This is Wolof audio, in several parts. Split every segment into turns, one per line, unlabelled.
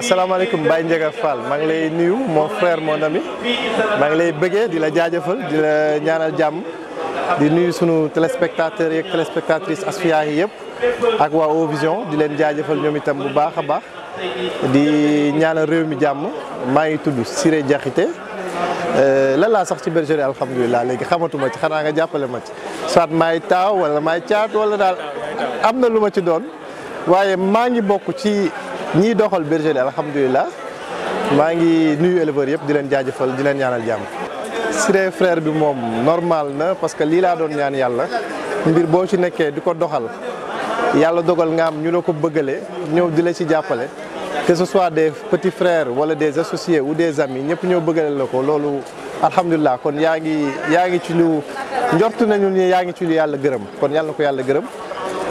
waaw salaamaaleykum baay Ndiaga Fall maa ngi lay nuyu mon frère mon ami maa ngi lay bëggee di la jaajëfal di la ñaanal jàmm di nuyu sunu téléspectateurs yeeg téléspectatrices Asfiyahi yi yëpp ak waa Ovision di leen jaajëfal ñoom itam bu baax a baax di ñaanal réew mi jàmm maa ngi tudd Siré Diakhité euh, lan laa sax ci bergerie alhamdulilah léegi xamatuma ci xanaa nga jàppale ma ci soit maay taaw wala maay caat wala daal am na lu ma ci doon waaye maa ngi bokk ci. ñiy doxal bergerie alhamdulilah maa ngi nuyu éleveurs yëpp di leen jaajëfal di leen ñaanal jàmm. Siré frère bi moom normal na parce que lii laa doon ñaan yàlla mbir boo ci nekkee di ko doxal yàlla dogal nga am ñu la ko bëggale ñëw di la ci jàppale. que ce soit des petits frères wala des associés ou des amis ñëpp ñoo bëggale la ko loolu alhamdulilah kon yaa ngi yaa ngi ci lu njort nañu ne yaa ngi ci lu yàlla gërëm kon yàlla ko yàlla gërëm.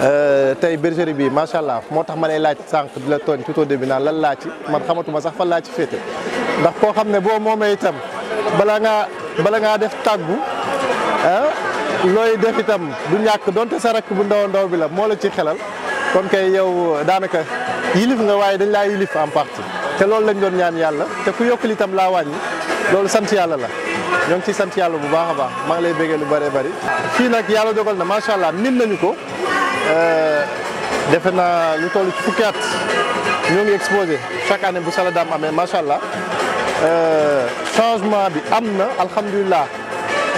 Euh, tey bergerie bi macha allah moo tax ma lay laaj sànq di la tooñ tout au début naan lan laa ci man xamatuma sax fan laa ci féete ndax koo xam ne boo moomee itam bala ngaa bala ngaa def tàggu ah looy def itam du ñàkk donte sa rakk bu ndaw ndaw bi la moo la ci xelal kon kay yow daanaka yilif nga waaye dañ laa yilif en partie te loolu lañ doon ñaan yàlla te ku yokkul itam laa wàññi loolu sant yàlla la ñoo ngi ciy sant yàlla bu baax a baax maa ngi lay béggee lu bëree bëri. fii nag yàlla dogal na macha allah nin nañu ko. Euh, defe na lu toll ci fukki at ñoo ngi exposé chaque année bu Saladam amee macha allah euh, changement bi am na alhamdulilah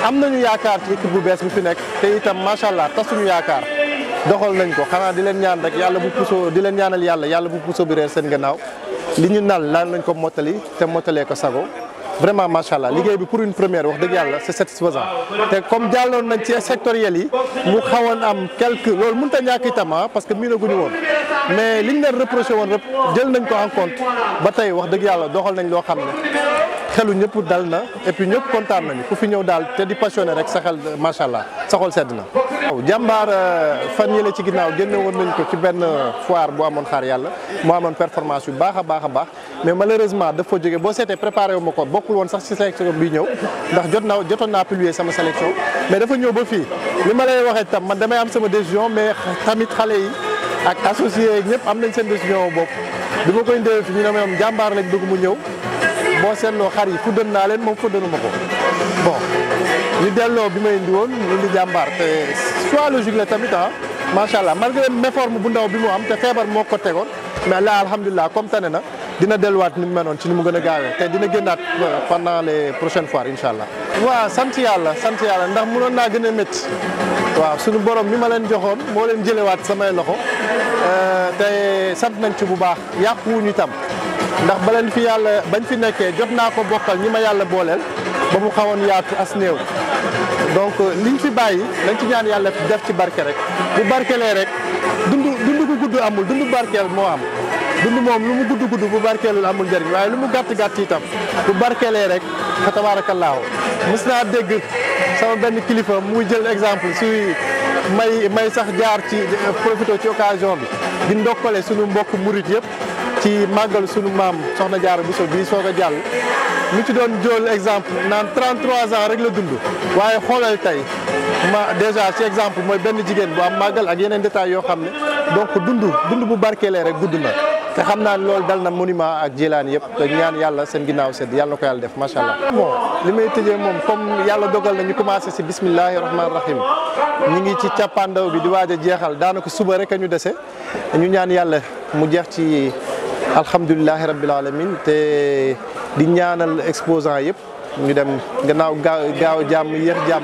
am nañu yaakaar ci équipe bu bees bu fi nekk te itam macha allah tas suñu yaakaar doxal nañ ko xanaa di leen ñaan rek yàlla bu puso di leen ñaanal yàlla yàlla bu puso bi reer seen gannaaw li ñu nal laa lañ ko mottali te mottalee ko sago vraiment macha allah bi pour une première wax dëgg yàlla c'est satisfaisant té comme dialon nañ ci sectoriel yi mu xawone am quelque lool mënut ta ñàkk itam ah, parce que guñu won mais liñ leen reprocher won rep jël nañ ko en compte ba tay wax dëgg yàlla doxal nañ lo xamné xelu ñëpp dal na et puis ñëpp kontaan nañu ku fi ñëw dal té di passionné rek saxal machallah macha allah sa xol sedd na. waaw euh, fan yële ci ginnaw génne woon nañ ko ci ben foire bu amoon xaar yalla mo amoon performance yu baaxa baaxa baax mais malheureusement dafa joggé bo boo préparé wu ma ko bokkul sax ci sélection bi ñëw ndax jot naa jotoon naa publier sama sélection mais dafa ñëw ba fi li ma lay waxee tam man damay am sama décision mais tamit xalé yi ak associé ñëpp am nañ seen décision bopp bi ma koy indee fi ñu ne ma jàmbaar lañ dugg mu ñëw. boo seetloo xar yi fuddeen naa leen moom fuddeenuma ko bon ñu delloo bi may indi woon indi jàmbaar te soit logique la tamit ah macha allah malgré méforme bu ndaw bi mu am te feebar moo ko tegoon mais là alhamdulilah comme tane na dina delluwaat ni mu menoon ci ni mu gën a gaawee te dina génnaat euh, pendant les prochaines fois incha allah. waaw sant yàlla sant yàlla ndax mënoon naa gën a métti waaw suñu borom mi ma leen joxoon moo leen jële waat samay loxo euh, te sant nañ ci bu baax yàquwuñu tam. ndax baleen leen fi yàlla bañ fi nekkee jot naa ko bokkal ñi ma yàlla booleel ba mu xawoon yaatu as néew donc liñ fi bàyyi lañ ci ñaan yàlla def ci barke rek bu barkelee rek dund dund gu gudd amul dund barkeel moo am dund moom lu mu gudd gudd bu barkeelul amul njëriñ waaye lu mu gàtt gàtt itam bu barkeelee rek fa tabaarakallaahu mës naa dégg sama benn kilifa muy jël exemple suy may may sax jaar ci profité ci occasion bi di ndokkale suñu mbokk murit yëpp ci màggal sunu maam soxna Jaara so bii soo a jàll ñu ci doon jël exemple naan 33 ans rek la dund waaye xoolal tey ma déjà ci exemple mooy benn jigéen bu am màggal ak yeneen détails yoo xam ne donc dund dund bu barkeelee rek gudd na te xam naa ne loolu dal na monument ak jilaan yëpp te ñaan yàlla seen ginnaaw sedd yàlla na ko yàlla def macha allah. bon li may tëjee moom comme yàlla dogal na ñu commencé si bismillahi rahmaani rahim ñu ngi ci cappaandaw bi di waaj a jeexal daanaka suba rek ñu dese ñu ñaan yàlla mu jeex ci. alhamdulilahi rabbil alamin te di ñaanal exposant yëpp ñu dem gannaaw gaaw gaaw jàmm yéex jàmm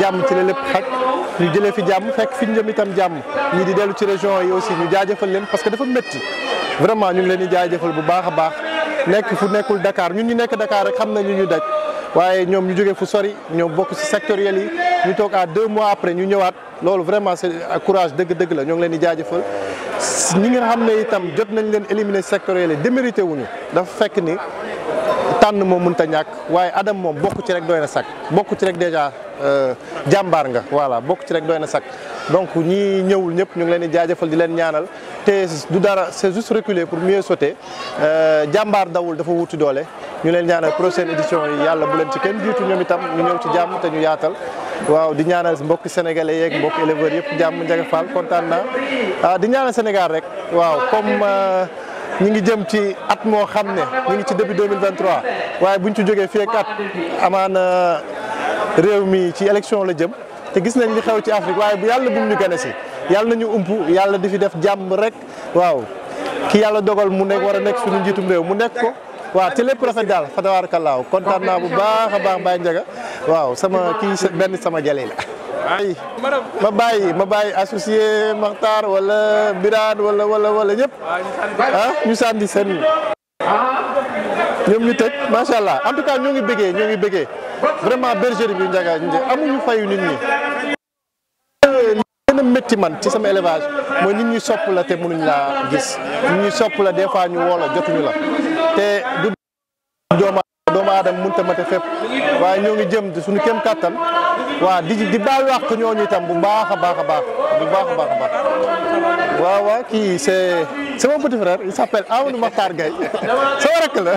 jàmm ci la lépp xaj ñu jëlee fi jàmm fekk fi ñu jëm itam jàmm ñii di dellu ci région yi aussi ñu jaajëfal leen parce que dafa métti vraiment ñu ngi leen di jaajëfal bu baax a baax nekk fu nekkul Dakar ñun ñu nekk Dakar rek xam nañ ñu ñu daj waaye ñoom ñu jógee fu sori ñoom bokk ci sectoriel yi deux mois après nous sommes vraiment c'est courage de Nous la ñoo leen di jaajëfal ñi nga secteur démérité wuñu dafa fekk ni nous, adam beaucoup de ci rek doy na déjà jambar voilà beaucoup ci rek euh, doyna donc ñi ñëwul ñep ñu ngi leen di jaajeufal di leen ñaanal du dara c'est juste reculer pour mieux sauter euh, jambar dawul dafa wuti doole ñu leen ñaanal prochaine édition yalla bu leen ci kenn ñom itam ñu ñëw ci jamm té waaw di ñaanal mbokki sénégalais yeeg mbokki éleveurs yëpp jàmm Ndiaga Fall kontaan na ah di ñaanal Sénégal rek waaw comme euh, ñu ngi jëm ci at moo xam ne ñu ngi ci début 2023 waaye ñu ci jógee fii ak at amaana euh, réew mi ci élection la jëm te gis nañ li xew ci Afrique waaye bu yàlla bum ñu gane si yàlla nañu ump yàlla di fi def jàmm rek waaw ki yàlla dogal mu nekk war a nekk suñu njiitum réew mu nekk ko. waaw ci lépp rafet daal fa tabarakallah kontaan naa bu baax a baax Baye Ndiaga waaw sama kii benn sama jale ah, kan, la ay ma bàyyi ma bàyyi associé Makhtar wala Birane wala wala wala ñëpp ah ñu sànni seen ñoom ñu tëj macha allah en tout cas ñoo ngi bëggee ñoo ngi bëggee vraiment bergerie bi Ndiaga amuñu fayu nit ñi. gën a man ci sama élevage mooy nit ñi sopp la te mënuñ laa gis nit ñi sopp la des fois ñu woo jotuñu la. te du dooma ma aadama mënut a mate fépp waaye ñoo ngi jëm suñu kéem kàttan waaw di di bàyyi wax ko ñooñu itam bu mbaax a baax a baax bu baax a baax a baax waawa kii c'est sama mon petit frère il s'appelle ma Makhtar Gaye sama rakk la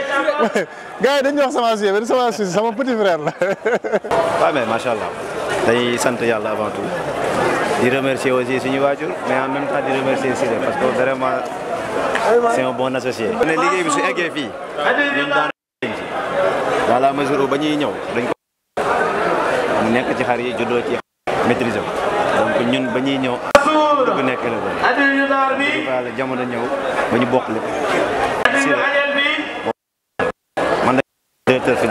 gars yi dañuy wax sama suy sama suy sama petit frère la. waaw ma macha allah dañuy sant yàlla avant tout di remercier aussi suñu waajur mais en même temps di remercier Siré parce que vraiment. c'est un bon associé. ne liggéey bi su eggee fii ñun daan dans la mesure ba ñuy ñëw mu nekk ci xar yi juddoo ci maîtriser ko donc ñun ba ñuy ñëw dugg nekk la la jamono ñëw ba ñu bokk lépp si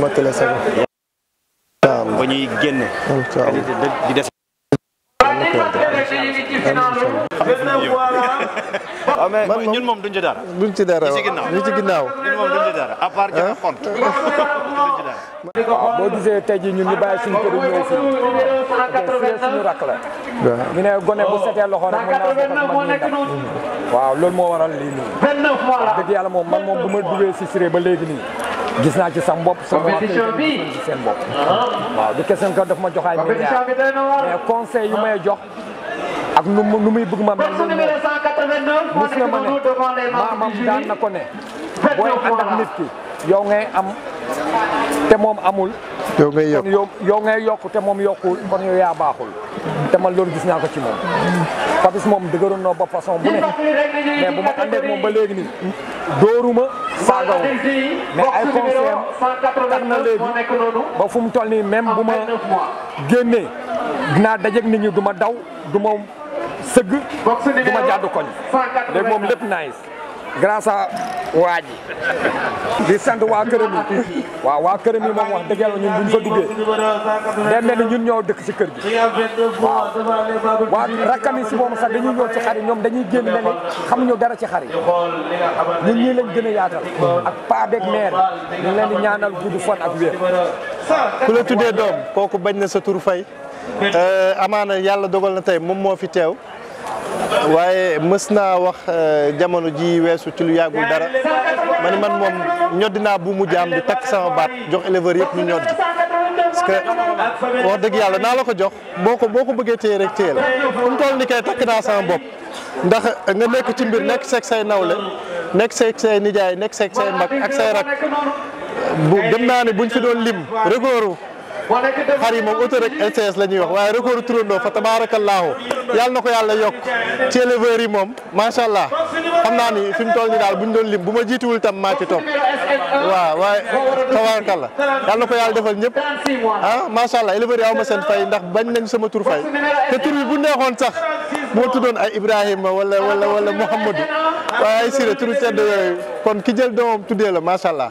man ñuy génne. di des. man ñun moom duñ ci dara. duñ ñun moom duñ ci dara à part jot compte boo gisee
tey jii ñun ñu bàyyi suñu kër yi ñëw fii te suñu rakk la. ñu ne gone bu setee loxo rek mën naa waaw loolu moo waral lii nii. dëgg yàlla moom man moom bu ma duggee si Siré ba léegi nii. gis naa ci sam bopp sama seen bopp waaw du question que daf ma jox ay milliards mais conseil yu may jox ak nu muy bëgg ma mel noonu gis na ma ne maamam daan na ko ne booy ànd ak nit ki yow ngay am te moom amul yow ngay yokk te moom yokkul kon yow yaa baaxul te man gis naa ko ci moom Papis moom dëgëroon na ba façon bu ne mais bu ma àndee moom ba léegi nii dóoruma saagaw mais ay conseil tax na léegi ba fu mu toll nii même bu ma génnee dinaa dajeeg nit ñi du ma daw du ma sëgg du ma koñ léegi moom lépp nice grâce à waa di sant waa këram waaw waa këram mi moom wax dëgg yàlla ñun buñ fa duggee day mel ni ñun ñoo dëkk si kër gi waaw waa rakkam yi si moom sax dañuy ñëw ci xar yi ñoom dañuy génn mel ni xamuñu dara ci xar yi ñun ñii lañ gën a yaatal
ak paa beeg maire ñu leen di ñaanal gudd fan ak wér ku la tuddee doom kooku bañ na sa tur fay euh, amaana yàlla dogal na tey moom moo fi teew waaye mës naa wax euh, jamono ji weesu ci lu yàggul dara
ma ni man moom
ñoddi naa bu mu jaam bi takk sama baat jox éleveur yëpp ñu ñoddi
parce que wax dëgg yàlla naa la ko
jox boo ko boo ko bëggee téye rek téye la fu mu toll ni kay takk naa sama bopp ndax nga nekk ci mbir nekk seeg say nawle nekk seeg say nijaay nekk seeg say mag ak say rak
bu gëm naa ne buñ fi
doon lim régooru xar yi moom auto rek LCS la ñuy wax waaye record turandoo fa tabaarakallaahu yàlla na ko yàlla yokk ci éleveurs yi moom macha allah xam naa ni fi mu toll nii daal bu ñu doon lim bu ma jiituwul tam maa ci topp waaw waaye tabaarakallaa yàlla na ko yàlla defal ñëpp ah macha allah éleveurs yi aw ma seen fay ndax bañ nañ sama tur fay te tur bu neexoon sax moo tuddoon ay Ibrahima wala wala wala Mouhamadou waaye ay Siré turu tedd yooyu kon ki jël doomam tuddee la macha allah